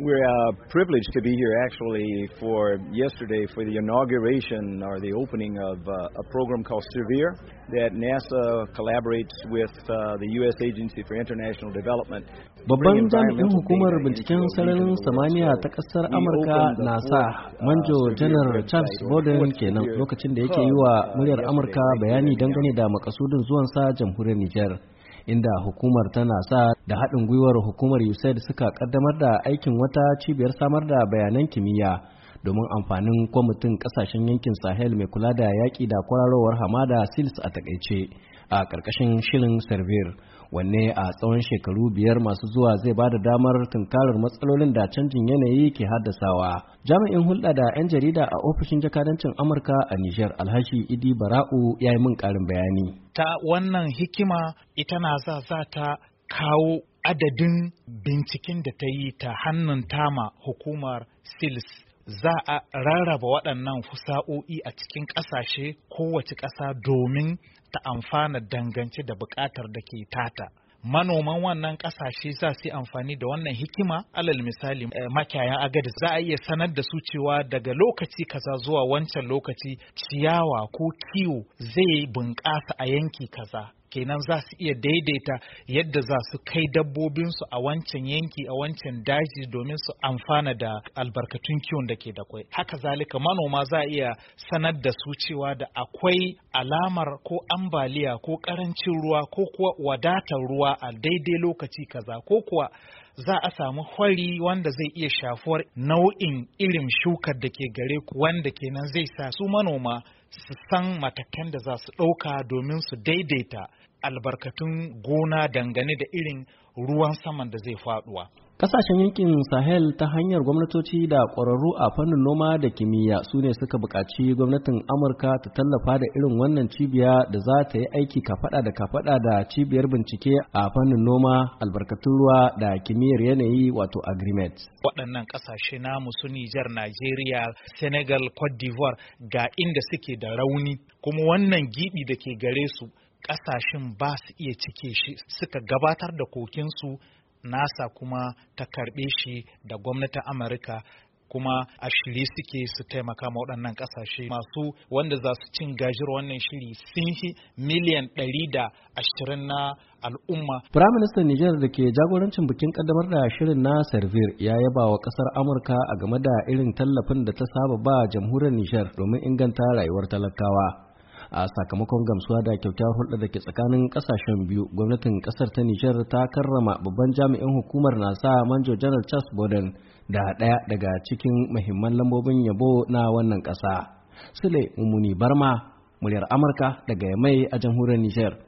We're uh, privileged to be here actually for yesterday for the inauguration or the opening of uh, a program called SEVERE that NASA collaborates with uh, the U.S. Agency for International Development. Babban jami'in hukumar binciken sararin samaniya ta kasar Amurka NASA uh, Manjo Janar Charles Borden kenan lokacin da yake yi wa muryar Amurka bayani dangane da makasudin zuwansa jamhuriyar Nijar. inda hukumar tana sa da haɗin gwiwar hukumar USAID suka kaddamar da aikin wata cibiyar samar da bayanan kimiyya domin amfanin kwamitin kasashen yankin sahel mai kula da yaƙi da kwararowar hamada sils a takaice a ƙarƙashin shirin servir wanne a tsawon shekaru biyar masu zuwa zai ba da damar tunkarar matsalolin da canjin yanayi ke haddasawa jami'in hulɗa da 'yan jarida a ofishin jakadancin amurka a nijar alhashi idi bara'u ya yi min ƙarin bayani ta wannan hikima ita na za za ta kawo adadin binciken da ta yi ta hannun tama hukumar sils za a rarraba waɗannan fusa'o'i a cikin ƙasashe kowace ƙasa domin ta amfana dangance da buƙatar da ke tata. manoman wannan ƙasashe za su yi amfani da wannan hikima alal misali eh, makiyayan agadi za a iya sanar da su cewa daga lokaci kaza zuwa wancan lokaci ciyawa ko kiwo zai bunƙasa a yanki kaza kenan za su iya daidaita yadda za su kai dabbobinsu a wancan yanki a wancan daji domin su amfana da albarkatun kiwon da ke da kwai haka zalika manoma za a iya sanar da su cewa da akwai alamar ko ambaliya ko karancin ruwa ko kuwa wadatar ruwa a daidai lokaci kaza ko kuwa za a samu hwari wanda zai iya shafuwar nau'in irin shukar da ke gare ku wanda kenan zai sa su manoma su san matakan da za su ɗauka domin su daidaita albarkatun gona dangane da irin ruwan saman da zai faɗuwa. Kasashen yankin Sahel ta hanyar gwamnatoci da ƙwararru a fannin noma da kimiyya su ne suka buƙaci gwamnatin Amurka ta tallafa da irin wannan cibiya da za ta yi aiki kafaɗa da kafaɗa da cibiyar bincike a fannin noma, albarkatun ruwa da kimiyyar yanayi wato agreement. Waɗannan ƙasashe namu su Nijar, Najeriya, Senegal, Cote d'Ivoire ga inda suke da rauni kuma wannan giɓi da ke gare su ƙasashen ba su iya cike shi suka gabatar da kokinsu nasa kuma ta karbe shi da gwamnatin amurka kuma a shirye suke su taimaka ma waɗannan ƙasashe masu wanda za su cin gajiyar wannan shiri sun fi miliyan ɗari da ashirin na al'umma. Firaministan Nijar da ke jagorancin bikin kaddamar da shirin na Servir ya yaba wa ƙasar Amurka a game da irin tallafin da ta saba ba jamhuriyar Nijar domin inganta rayuwar talakawa. a sakamakon gamsuwa da kyaukyawar hulɗa da ke tsakanin ƙasashen biyu gwamnatin ƙasar ta nijar ta karrama babban jami'in hukumar nasa manjo janar charles borden da ɗaya daga cikin muhimman lambobin yabo na wannan ƙasa sule mummuni barma muryar amurka daga mai a jamhuriyar nijar